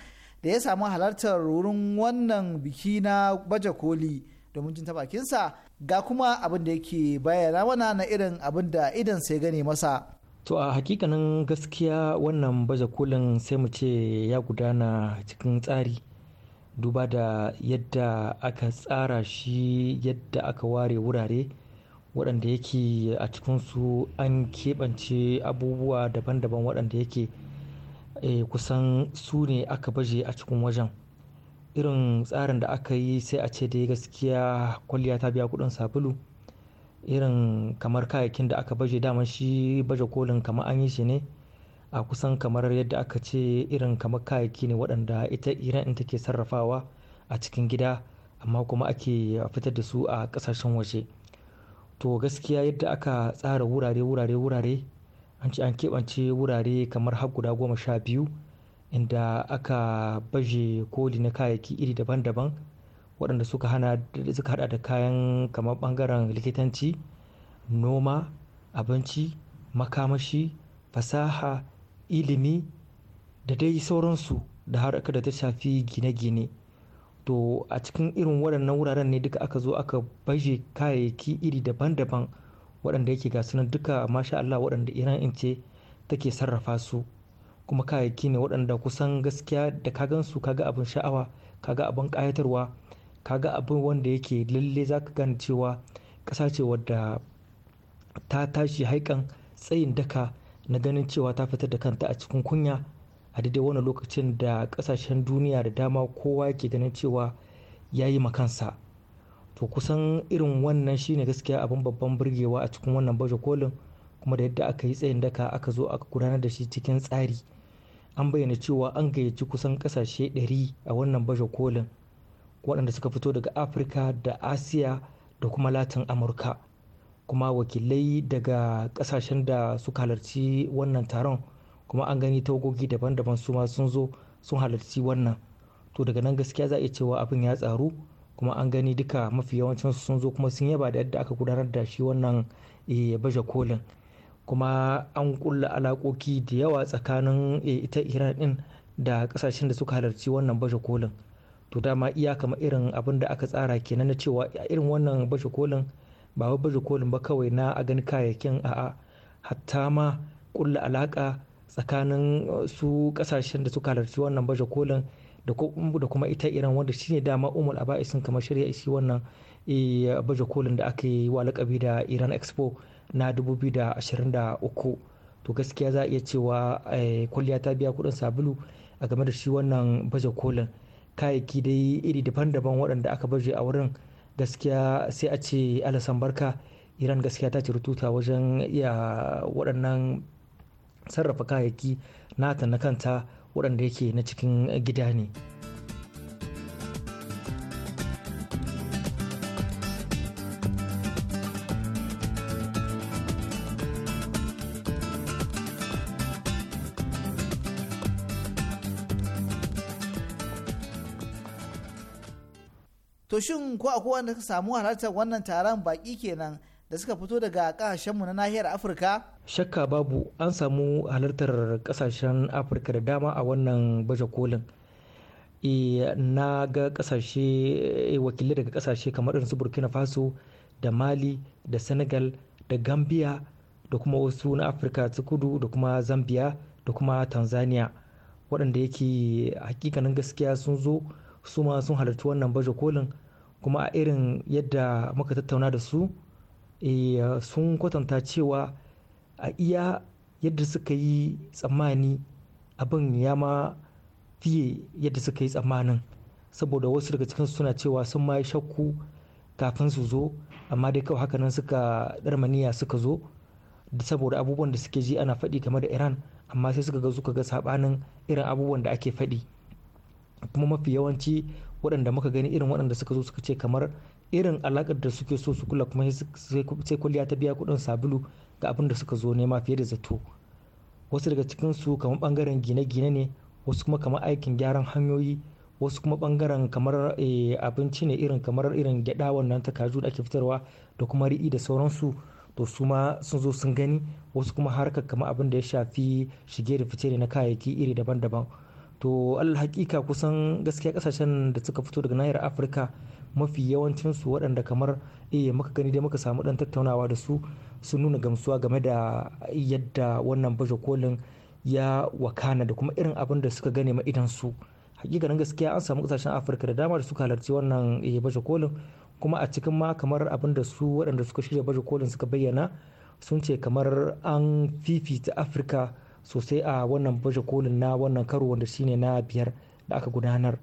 da ya samu halartar wurin wannan biki na baje koli domin jin tabakinsa ga kuma abin da yake bayyana mana na irin abin da idan sai gane masa To a hakikanin gaskiya wannan baje kolin sai mu ce ya gudana cikin tsari duba da yadda aka tsara shi yadda aka ware wurare waɗanda yake a cikinsu an keɓance abubuwa daban-daban waɗanda yake eh, kusan su ne aka baje a cikin wajen irin tsarin da aka yi sai a ce dai gaskiya kwalliya ta biya kudin sabulu irin kamar kayayyakin da aka baje daman shi baje kolin kamar an yi shi ne a kusan kamar yadda aka ce irin kamar kayayyaki ne waɗanda ita iran in take sarrafawa a cikin gida amma kuma ake fitar da su a ƙasashen waje to gaskiya yadda aka tsara wurare wurare wurare an ce an keɓance wurare kamar har guda goma sha biyu inda aka baje koli na kayayyaki iri daban-daban waɗanda suka hana suka hada da kayan kamar ɓangaren likitanci noma abinci makamashi fasaha ilimi da dai sauransu da aka da ta shafi gine-gine to a cikin irin waɗannan wuraren ne duka aka zo aka baje kayayyaki iri daban-daban waɗanda yake ga sunan duka masha Allah waɗanda Iran in ce take sarrafa su kuma kayayyaki ne waɗanda kusan gaskiya da ka gansu kaga abin sha'awa kaga abin ƙayatarwa kaga abin wanda yake lalle za ka gane cewa ƙasa ce wadda ta tashi haikan tsayin daka na ganin cewa ta fitar da kanta a cikin kunya a daidai wani lokacin da kasashen duniya da dama kowa ke ganin cewa ya yi makansa to kusan irin wannan shine gaskiya abin babban burgewa a cikin wannan baje kolin kuma da yadda aka yi tsayin daka aka zo aka gudanar da shi cikin tsari an bayyana cewa an gayyaci kusan kasashe 100 a wannan baje kolin waɗanda suka fito daga afirka da asiya da kuma latin amurka kuma wakilai daga kasashen da suka halarci wannan taron kuma an gani tawagogi daban-daban su ma sun zo sun halarci wannan to daga nan gaskiya za a iya cewa abin ya tsaru kuma an gani duka mafi yawancin sun zo kuma sun yaba da yadda aka gudanar da shi wannan eh, baje kolin kuma an kulla alakoki da yawa tsakanin eh, ita iran din da kasashen da suka halarci wannan baje kolin to dama iya kama irin abin da aka tsara kenan na cewa irin wannan baje kolin ba baje kolin ba kawai na a gani kayayyakin a'a hatta ma kulla alaka tsakanin uh, su kasashen da suka halarci wannan baje kolin da kuma ita iran wanda shine dama umul sun kamar shirya shi wannan e, baje kolin da aka yi wa lakabi da iran expo na 2023 to gaskiya za a iya cewa e, kwalliya ta biya kudin sabulu a game da shi wannan baje kolin kayayyaki dai iri daban-daban waɗanda aka baje a wurin gaskiya sai a ce alasan barka iran gaskiya ta ci rututa wajen iya waɗannan sarrafa kayayyaki nata na kanta waɗanda yake na cikin gida ne. shin ko akwai wanda ka samu halartar wannan taron baki kenan da suka fito daga kasashenmu na nahiyar afirka shakka babu an samu halartar kasashen afirka da dama a wannan baje kolin e, na ga kasashe e, wakilai daga kasashe kamar irin su burkina faso da mali da senegal da gambia da kuma wasu na afirka ta kudu da kuma zambia da kuma tanzania waɗanda yake hakikanin gaskiya sun zo su ma sun halarci wannan baje kolin kuma a irin yadda muka tattauna da su eh, sun kwatanta cewa a iya yadda suka yi tsammani abin ya ma fiye yadda suka yi tsammanin saboda wasu daga cikin suna cewa sun ma shakku kafin su zo amma dai kawai hakanan suka darmaniya suka zo da saboda abubuwan da suke ji ana faɗi game da iran amma sai suka ga suka ga sabanin irin abubuwan da ake faɗi kuma mafi yawanci waɗanda muka gani irin waɗanda suka zo suka ce kamar irin alakar da suke so su kula kuma sai kwalliya ta biya kuɗin sabulu ga abin da suka zo nema fiye da zato wasu daga cikin su kamar bangaren gine-gine ne wasu kuma kamar aikin gyaran hanyoyi wasu kuma bangaren kamar eh, abinci ne irin kamar irin gyaɗa wannan ta kaju da ake fitarwa da kuma ri'i da sauransu to su ma sun zo sun gani wasu kuma harkar kamar abin da ya shafi shige da fice ne na kayayyaki iri daban-daban to alhakika kusan gaskiya kasashen da suka fito daga nahiyar afirka mafi yawancinsu waɗanda kamar iya eh, muka gani dai muka samu ɗan tattaunawa da su sun nuna gamsuwa game da yadda wannan baje kolin ya wakana da kuma irin abin da suka gane ma idan su hakikanin gaskiya an samu kasashen afirka da dama da suka halarci wannan eh, baje kolin kuma a cikin ma kamar abin da su waɗanda suka shirya baje kolin suka bayyana sun ce kamar an fifita afirka sosai a wannan baje kolin na wannan karo wanda shine na biyar da aka gudanar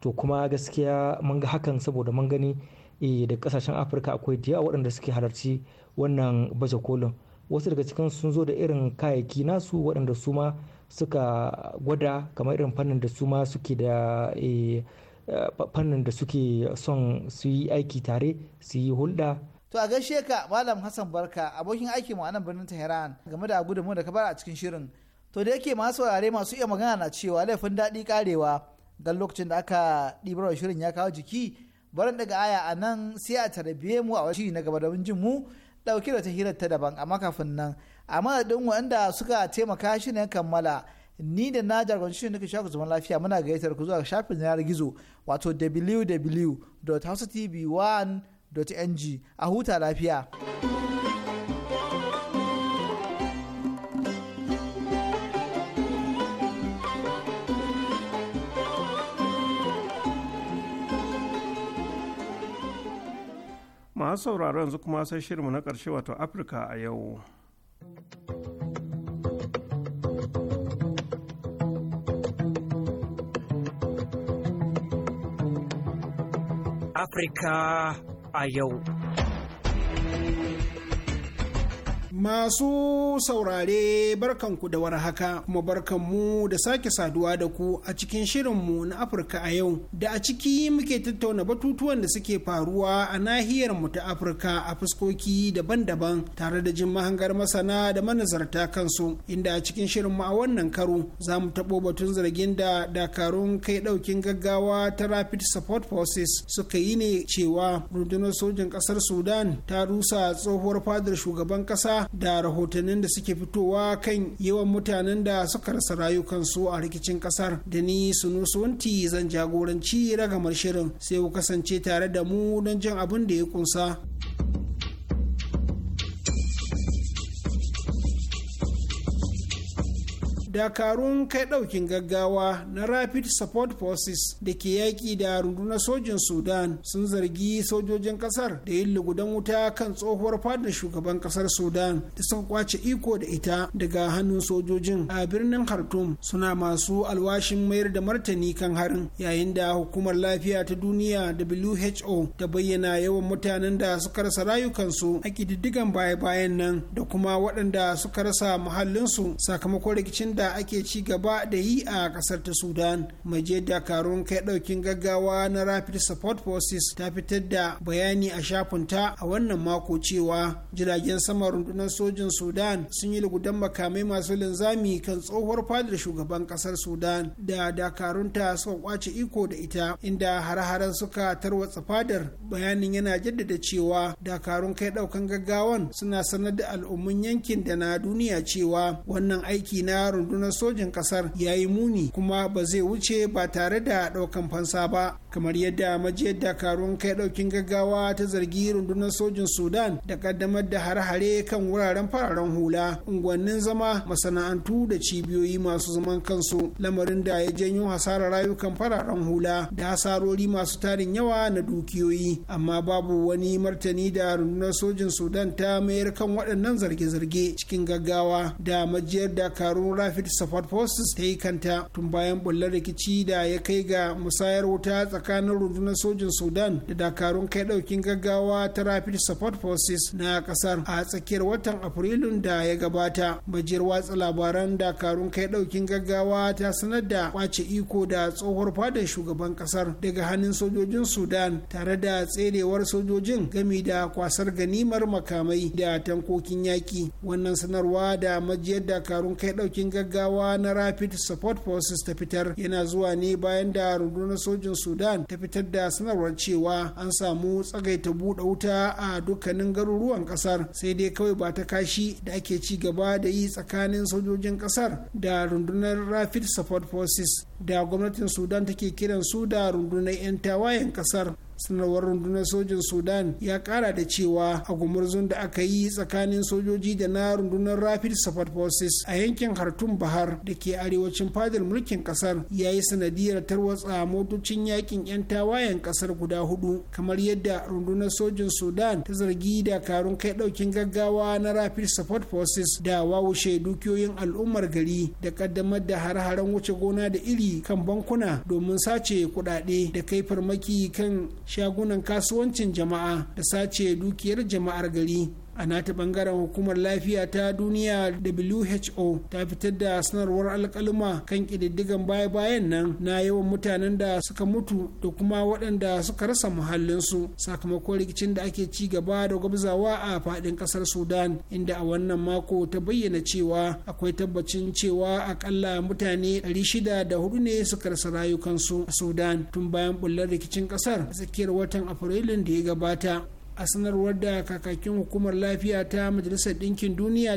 to kuma gaskiya mun ga hakan saboda mun gani eh, da kasashen afirka akwai da yawa waɗanda suke halarci wannan baje kolin wasu daga cikin sun zo da irin kayayyaki nasu waɗanda su ma suka gwada kamar irin fannin da su ma suke da eh, eh, fannin da suke son su yi aiki tare su yi hulɗa to a gaishe ka malam hassan barka abokin aiki mu a nan birnin tehran game da gudunmu da ka bara a cikin shirin to da yake masu saurare masu iya magana na cewa laifin daɗi karewa ga lokacin da aka ɗibar shirin ya kawo jiki barin daga aya a nan sai a tarbiye mu a wasu na gaba domin jin mu ɗauki da ta hirar ta daban amma kafin nan a madadin waɗanda suka taimaka shi ne kammala ni da na jagoranci shi nake shafin zaman lafiya muna gayyatar ku zuwa shafin yanar gizo wato www.hausatv1 ng a huta lafiya. masu sauraro yanzu kuma sai shirinmu na ƙarshe wato afirka a yau afirka a yau. Masu saurare barkanku da warhaka kuma barkanmu da sake saduwa da ku a cikin shirinmu na Afirka a yau da a ciki muke tattauna batutuwan da suke faruwa a nahiyar mu ta Afirka a fuskoki daban-daban tare da jin mahangar masana da manazarta kansu inda a cikin shirinmu a wannan karo za mu taɓo batun zargin da dakarun kai ɗaukin gaggawa ta Rapid Support Forces suka yi ne cewa rundunar sojin ƙasar Sudan ta rusa tsohuwar fadar shugaban ƙasa da rahotannin da suke fitowa kan yawan mutanen da suka rasa rayukansu a rikicin kasar da ni sunusunti zan jagoranci ragamar shirin sai ku kasance tare da mu don jin abin da ya kunsa. dakarun kai ɗaukin gaggawa na rapid support forces da ke yaƙi da rundunar sojin sudan sun zargi sojojin ƙasar da yin lugudan wuta kan tsohuwar fadar shugaban ƙasar sudan da suka kwace iko da ita daga hannun sojojin a birnin khartoum suna masu alwashin mayar da martani kan harin yayin da hukumar lafiya ta duniya who ta bayyana yawan mutanen da suka rasa rayukansu a ƙididdigan baya-bayan nan da kuma waɗanda suka rasa muhallinsu sakamakon rikicin da da ake ci gaba da yi a kasar ta sudan je dakarun kai daukin gaggawa na rapid support forces ta fitar da bayani a shafinta a wannan mako cewa jiragen sama rundunar sojin sudan sun yi lugudan makamai masu linzami kan tsohuwar fadar shugaban kasar sudan da dakarunta suka kwace iko da ita inda har-haren suka tarwatsa fadar bayanin yana jaddada cewa dakarun kai daukan gaggawan suna sanar da al'ummun yankin da na duniya cewa wannan aiki na rundunar rundunar sojin kasar ya yi muni kuma ba zai wuce ba tare da ɗaukan fansa ba kamar yadda majiyar dakarun kai daukin gaggawa ta zargi rundunar sojin sudan da kaddamar da hare-hare kan wuraren fararen hula unguwannin zama masana'antu da cibiyoyi masu zaman kansu lamarin da ya janyo hasarar rayukan fararen hula da hasarori masu tarin yawa na dukiyoyi amma babu wani martani da rundunar sojin sudan ta mayar kan waɗannan zarge-zarge cikin gaggawa da majiyar dakarun rapid support forces ta yi kanta tun bayan bullar rikici da ya kai ga musayar wuta tsakanin tsakanin rundunar sojin sudan da dakarun kai daukin gaggawa ta rapid support forces na kasar a tsakiyar watan afrilun da ya gabata majiyar watsa labaran dakarun kai daukin gaggawa ta sanar da kwace iko da tsohuwar fadar shugaban kasar daga hannun sojojin sudan tare da tserewar sojojin gami da kwasar ganimar makamai da tankokin yaki wannan sanarwa da majiyar dakarun kai daukin gaggawa na rapid support forces ta fitar yana zuwa ne bayan da rundunar sojin sudan ta fitar da sanarwar cewa an samu tsagaita buɗe wuta a dukkanin garuruwan kasar sai dai kawai ba ta kashi da ake ci gaba da yi tsakanin sojojin kasar da rundunar rapid support forces da gwamnatin sudan take kiran su da rundunar 'yan tawayen kasar sanarwar rundunar sojin sudan ya kara da cewa a gumurzun da aka yi tsakanin sojoji da na rundunar rapid support forces a yankin hartun bahar da ke arewacin fadar mulkin kasar ya yi sanadiyar tarwatsa motocin yakin 'yan tawayen kasar guda hudu kamar yadda rundunar sojin sudan ta zargi dakarun kai daukin gaggawa na rapid support forces da wawushe dukiyoyin al'ummar gari da kaddamar da har haren wuce gona da iri kan bankuna domin sace kudade da kai farmaki kan shagunan kasuwancin jama'a da sace dukiyar jama'ar gari a nata bangaren hukumar lafiya ta duniya who ta fitar da sanarwar alkaluma kan ƙididdigan baya-bayan nan na yawan mutanen da suka mutu da kuma waɗanda suka rasa muhallinsu sakamakon rikicin da ake ci gaba da gwabzawa a faɗin ƙasar sudan inda a wannan mako ta bayyana cewa akwai tabbacin cewa akalla mutane 604 ne suka rasa rayukansu a sudan tun bayan bullar rikicin ƙasar a tsakiyar watan afrilun da ya gabata a sanarwar da kakakin hukumar lafiya ta majalisar ɗinkin duniya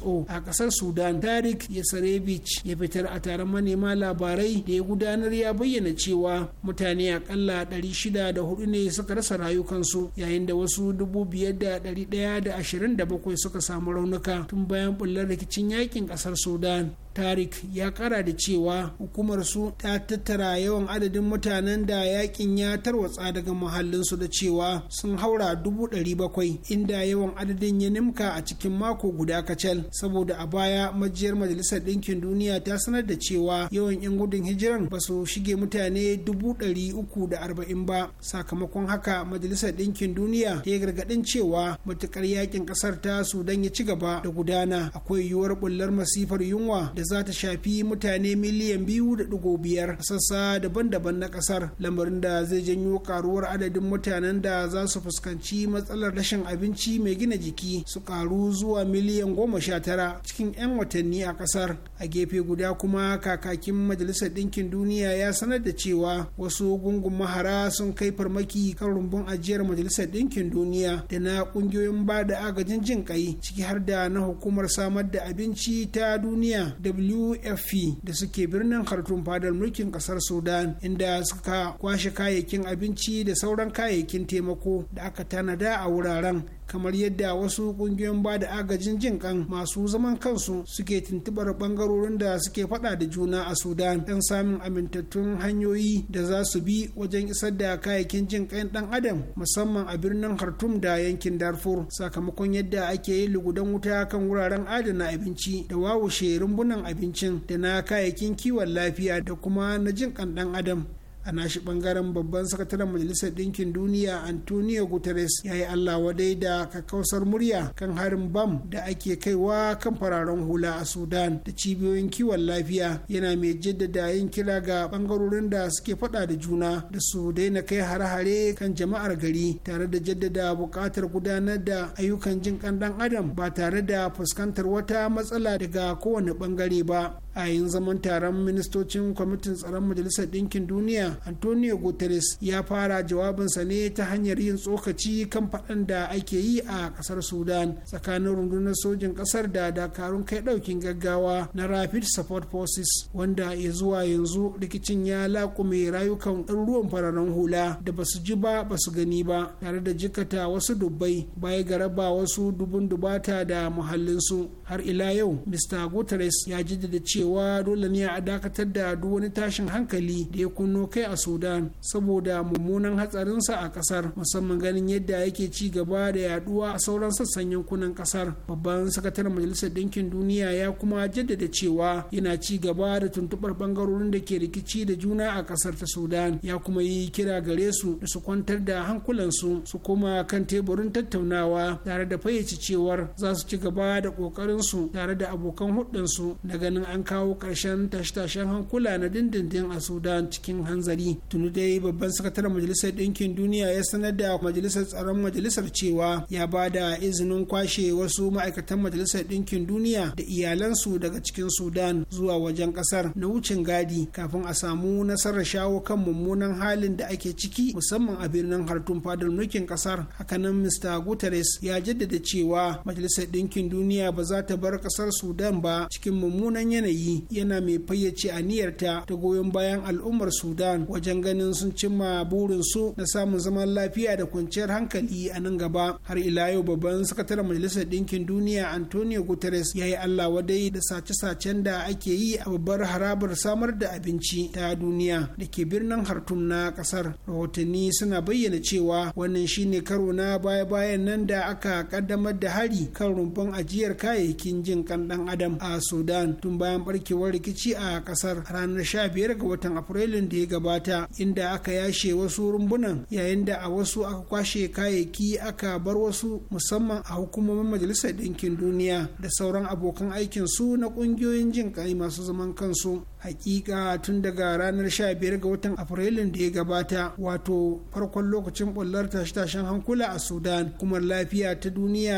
who a ƙasar sudan tarik yasarevich ya fitar a taron manema labarai da ya gudanar ya bayyana cewa mutane akalla 604 ne suka rasa rayukansu yayin da wasu da da ashirin bakwai suka samu raunuka tun bayan bullar rikicin yakin ƙasar sudan tarik ya kara da cewa hukumar su ta tattara yawan adadin mutanen da yakin ya tarwatsa daga muhallinsu da cewa sun haura dubu ɗari bakwai inda yawan adadin ya nimka a cikin mako guda kacal saboda a baya majiyar majalisar ɗinkin duniya ta sanar da cewa yawan 'yan gudun hijiran ba su shige mutane dubu ɗari uku da arba'in ba sakamakon haka majalisar ɗinkin duniya ta yi gargaɗin cewa matukar yakin ƙasar ta sudan ya ci gaba da gudana akwai yiwuwar bullar masifar yunwa da za ta shafi mutane miliyan biyu da digo biyar sassa daban-daban na ƙasar. lamarin da zai janyo karuwar adadin mutanen da za su fuskanci matsalar rashin abinci mai gina jiki su karu zuwa miliyan goma sha tara cikin 'yan watanni a ƙasar. a gefe guda kuma kakakin majalisar ɗinkin duniya ya sanar da cewa wasu gungun mahara sun kai farmaki kan rumbun ajiyar majalisar ɗinkin duniya da na ƙungiyoyin ba da agajin jin kai ciki har da na hukumar samar da abinci ta duniya wfp da suke birnin khartoum fadar mulkin kasar sudan inda suka kwashe kayayyakin abinci da sauran kayayyakin taimako da aka tanada a wuraren kamar yadda wasu kungiyoyin ba da agajin jin kan masu zaman kansu suke tuntubar bangarorin da suke fada da juna a sudan don samun amintattun hanyoyi da za su bi wajen isar da kayayyakin jin kan dan adam musamman a birnin khartoum da yankin darfur sakamakon yadda ake yin lugudan wuta kan wuraren adana abinci da wawushe rumbunan abincin da na kayayyakin kiwon lafiya da kuma na jin kan dan adam a nashi bangaren babban sakataren majalisar ɗinkin duniya antonio guterres ya yi allah wadai da kakausar murya kan harin bam da ake kaiwa kan fararen hula a sudan da cibiyoyin kiwon lafiya yana mai jaddada yin kira ga bangarorin da suke faɗa da juna da su daina kai hare-hare kan jama'ar gari tare da jaddada buƙatar gudanar da ayyukan jin kan ɗan adam ba tare da fuskantar wata matsala daga kowane bangare ba a yin zaman taron ministocin kwamitin tsaron majalisar ɗinkin duniya antonio guterres ya fara jawabinsa ne ta hanyar yin tsokaci kan faɗan da ake yi a ƙasar sudan tsakanin rundunar sojin ƙasar da dakarun kai ɗaukin gaggawa na rapid support forces wanda ya zuwa yanzu rikicin ya laƙume rayukan ɗaruruwan fararen hula da ba su ji ba ba su gani ba tare da jikata wasu dubbai baya ga raba wasu dubun dubata da muhallinsu har ila yau mr guterres ya jaddada cewa cewa dole ne a dakatar da duk wani tashin hankali da ya kunno kai a sudan saboda mummunan hatsarinsa a kasar musamman ganin yadda yake ci gaba da yaduwa a sauran sassan yankunan kasar babban sakataren majalisar ɗinkin duniya ya kuma jaddada cewa yana ci gaba da tuntuɓar bangarorin da ke rikici da juna a kasar ta sudan ya kuma yi kira gare su da su kwantar da hankulansu su koma kan teburin tattaunawa tare da fayyace cewar za su ci gaba da ƙoƙarinsu tare da abokan hudunsu na ganin an kawo ƙarshen tashe-tashen hankula na dindindin a sudan cikin hanzari tuni dai babban sakataren majalisar ɗinkin duniya ya sanar da majalisar tsaron majalisar cewa ya ba da izinin kwashe wasu ma'aikatan majalisar ɗinkin duniya da iyalansu daga cikin sudan zuwa wajen ƙasar na wucin gadi kafin a samu nasarar shawo kan mummunan halin da ake ciki musamman a birnin hartun fadar mulkin ƙasar hakanan mista guterres ya jaddada cewa majalisar ɗinkin duniya ba za ta bar ƙasar sudan ba cikin mummunan yanayi yi yana mai fayyace niyyar ta ta goyon bayan al'ummar sudan wajen ganin sun cimma burinsu na samun zaman lafiya da kwanciyar hankali a nan gaba har ila yau babban sakataren majalisar ɗinkin duniya antonio guterres ya yi allah wadai da sace-sacen da ake yi a babbar harabar samar da abinci ta duniya da ke birnin hartum na ƙasar rahotanni suna bayyana cewa wannan shine karo na baya-bayan nan da aka ƙaddamar da hari kan rumbun ajiyar kayayyakin jin kan ɗan adam a sudan tun bayan barkewar rikici a kasar ranar 15 ga watan afrilun da ya gabata inda aka yashe wasu rumbunan yayin da a wasu aka kwashe kayayyaki aka bar wasu musamman a hukumomin majalisar ɗinkin duniya da sauran abokan aikin su na ƙungiyoyin jin kai masu zaman kansu hakika tun daga ranar 15 ga watan afrilun da ya gabata wato farkon lokacin bullar tashe-tashen hankula a sudan kuma lafiya ta duniya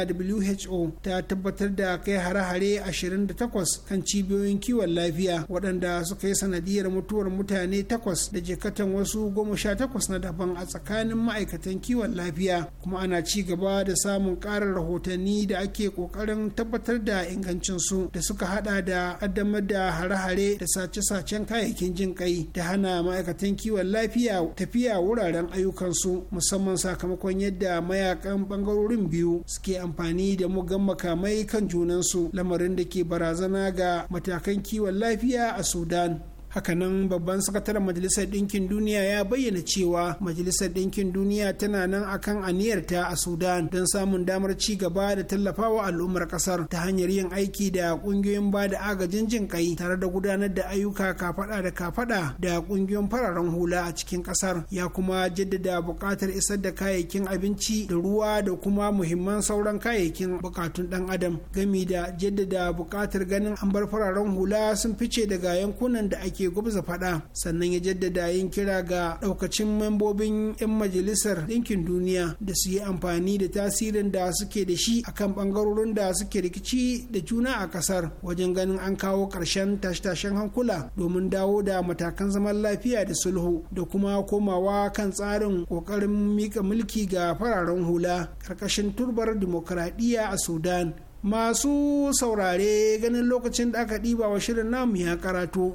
who ta tabbatar da kai hare-hare 28 kan cibiyoyin kiwon lafiya waɗanda suka yi sanadiyar mutuwar mutane takwas da jikatan wasu goma sha takwas na daban a tsakanin ma'aikatan kiwon lafiya kuma ana ci gaba da samun ƙarin rahotanni da ake ƙoƙarin tabbatar da ingancinsu da suka haɗa da ƙaddamar da hare-hare da sace sace-sacen kayayyakin jin kai da hana ma'aikatan kiwon lafiya tafiya wuraren ayyukansu musamman sakamakon yadda mayakan bangarorin biyu suke amfani da mugan makamai kan junansu lamarin da ke barazana ga matakan kiwon lafiya a sudan hakanan babban sakataren majalisar ɗinkin duniya ya bayyana cewa majalisar ɗinkin duniya tana nan akan aniyarta a sudan don samun damar ci gaba da tallafawa al'ummar ƙasar ta hanyar yin aiki da ƙungiyoyin ba da agajin jin kai tare da gudanar da ayyuka kafaɗa da kafaɗa da ƙungiyoyin fararen hula a cikin ƙasar ya kuma jaddada buƙatar isar da kayayyakin abinci da ruwa da kuma muhimman sauran kayayyakin buƙatun ɗan adam gami da jaddada buƙatar ganin an bar fararen hula sun fice daga yankunan da ake ke gwamza faɗa sannan ya jaddada yin kira ga ɗaukacin membobin 'yan majalisar ɗinkin duniya da su yi amfani da tasirin da suke da shi a kan ɓangarorin da suke rikici da juna a ƙasar wajen ganin an kawo ƙarshen tashe-tashen hankula domin dawo da matakan zaman lafiya da sulhu da kuma komawa kan tsarin ƙoƙarin mika mulki ga fararen hula ƙarƙashin turbar dimokuraɗiyya a sudan masu saurare ganin lokacin da aka ɗiba wa shirin namu ya karatu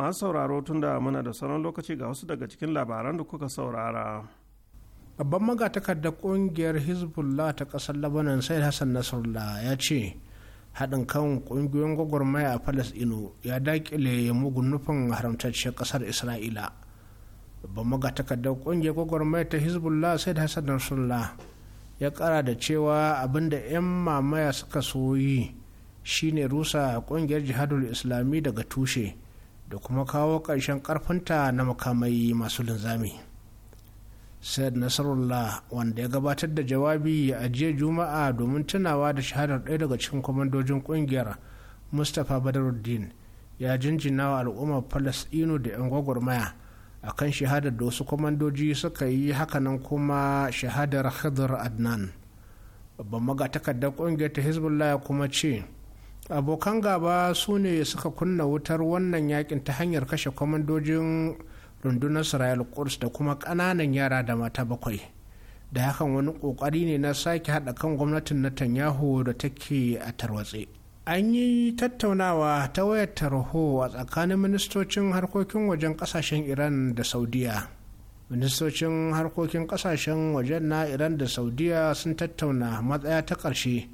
masu sauraro tun da muna da sauran lokaci ga wasu daga cikin labaran da kuka saurara babban magatakardar kungiyar hezbollah ta ƙasar labanan sai hassan nasrallah ya ce haɗin kan ƙungiyoyin gwagwarmaya a falasɗinu ya daƙile mugun nufin haramtacciyar ƙasar isra'ila babban magatakardar ƙungiyar gwagwarmaya ta hezbollah sai hassan nasrallah ya ƙara da cewa abin da 'yan mamaya suka soyi shine rusa ƙungiyar jihadul islami daga tushe da kuma kawo ƙarshen ƙarfinta na makamai masu linzami said nasarullah wanda ya gabatar da jawabi a jiya juma'a domin tunawa da shahadar ɗaya daga cikin kwamandojin ƙungiyar mustapha badaruddin ya jinjina wa al'ummar falasɗinu da 'yan gwagwarmaya a kan shahadar da wasu kwamandoji suka yi hakanan kuma shahadar khidr adnan babban magatakardar ƙungiyar ta hezbollah kuma ce abokan gaba su ne suka kunna wutar wannan yakin ta hanyar kashe kwamandojin rundunar israel kurs da kuma ƙananan yara da mata bakwai da hakan wani ƙoƙari ne na sake haɗa kan gwamnatin netanyahu da take a tarwatse an yi tattaunawa ta wayar tarho a tsakanin ministocin harkokin wajen ƙasashen iran da saudiya ministocin harkokin ƙasashen wajen na iran da saudiya sun tattauna matsaya ta ƙarshe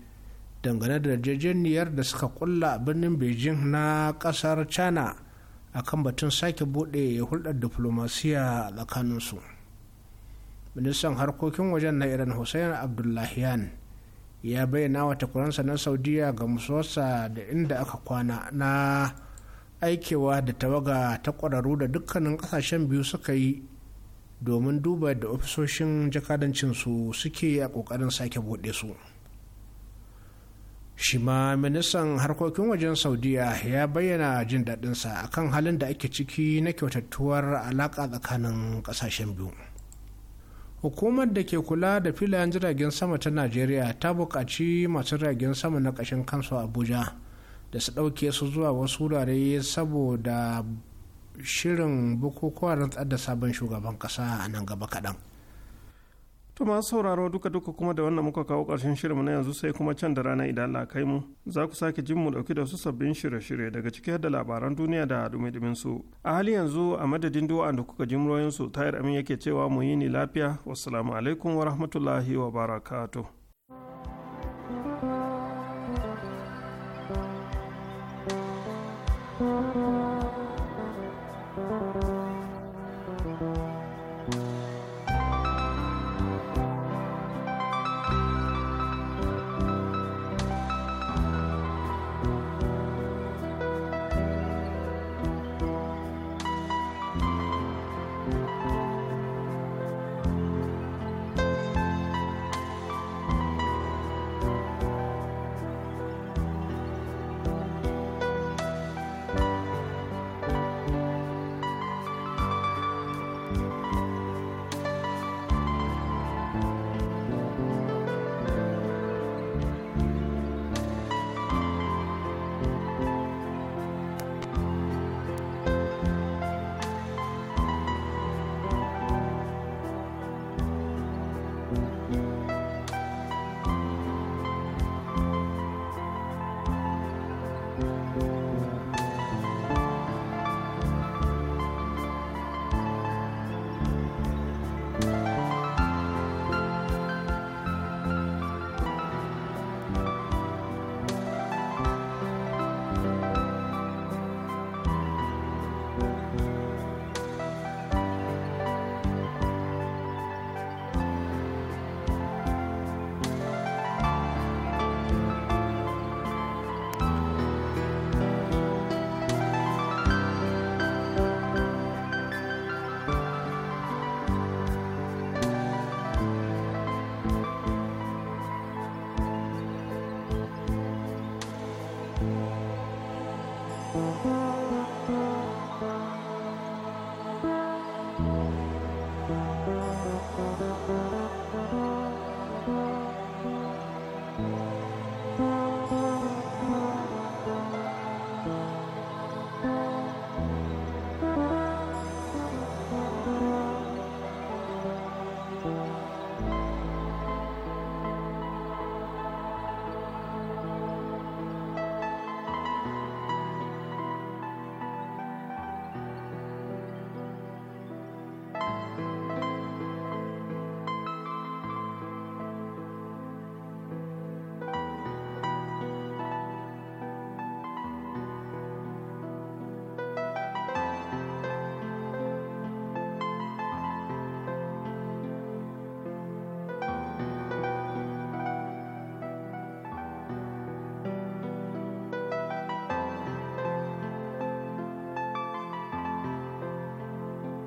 dangane da yarjejeniyar da suka kulla a birnin beijing na kasar china a kan batun sake bude hulɗar diflomasiya tsakaninsu ministan harkokin wajen na iran hussein abdullahian ya bayyana wa takwaransa na saudiya ga musuwarsa da inda aka kwana na aikewa da tawaga ta kwararru da dukkanin kasashen biyu suka yi domin duba da ofisoshin jakadancinsu suke a kokarin sake bude su. shi ma ministan harkokin wajen saudiya ya bayyana jin daɗinsa akan halin da ake ciki na kyautattuwar alaƙa tsakanin ƙasashen biyu hukumar da ke kula da filayen jiragen sama ta najeriya ta buƙaci masu jiragen sama na ƙashin kansu abuja da su ɗauke su zuwa wasu wurare saboda shirin bukukuwa rantsar da sabon shugaban ƙasa a nan gaba kaɗan To masu sauraro duka duka kuma da wannan muka kawo ƙarshen shirinmu na yanzu sai kuma can da rana idan Allah kai mu za ku sake jin mu dauki da wasu sabbin shirye-shirye daga ciki da labaran duniya da dumi su. A hali yanzu a madadin du'a da kuka jimroyinsu su tayar amin yake cewa mu yi ni lafiya. Wassalamu alaikum wa rahmatullahi wa barakatuh.